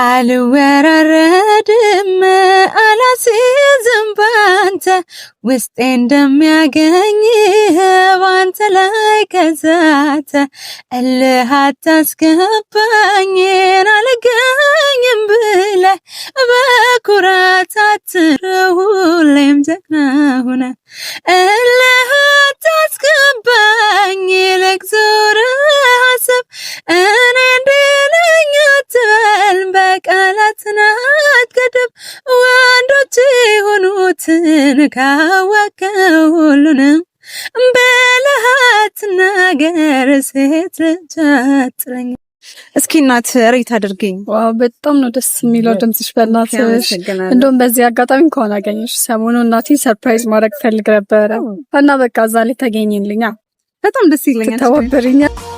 አልወራረድም አላሲዝም ባንተ ውስጤ እንደሚያገኝህ ባንተ ላይ ከዛተ እልህ አታስገባኝን አልገኝም ብለ በኩራት አትረው ሁሌም ጀግና ሁነህ እልህ አታስገባኝ ለግዞ ያየሁትን ካወቀው ሁሉንም በለሃት ነገር ሴት ልጅ አጥረኝ። እስኪ እናት ሬት አድርገኝ። ዋው በጣም ነው ደስ የሚለው ድምፅሽ። በእናትሽ እንደውም በዚህ አጋጣሚ እንኳን አገኘሽ። ሰሞኑ እናቴ ሰርፕራይዝ ማድረግ ፈልግ ነበረ እና በቃ እዛ ላይ ተገኝልኛ። በጣም ደስ ይለኛል። ተወብርኛል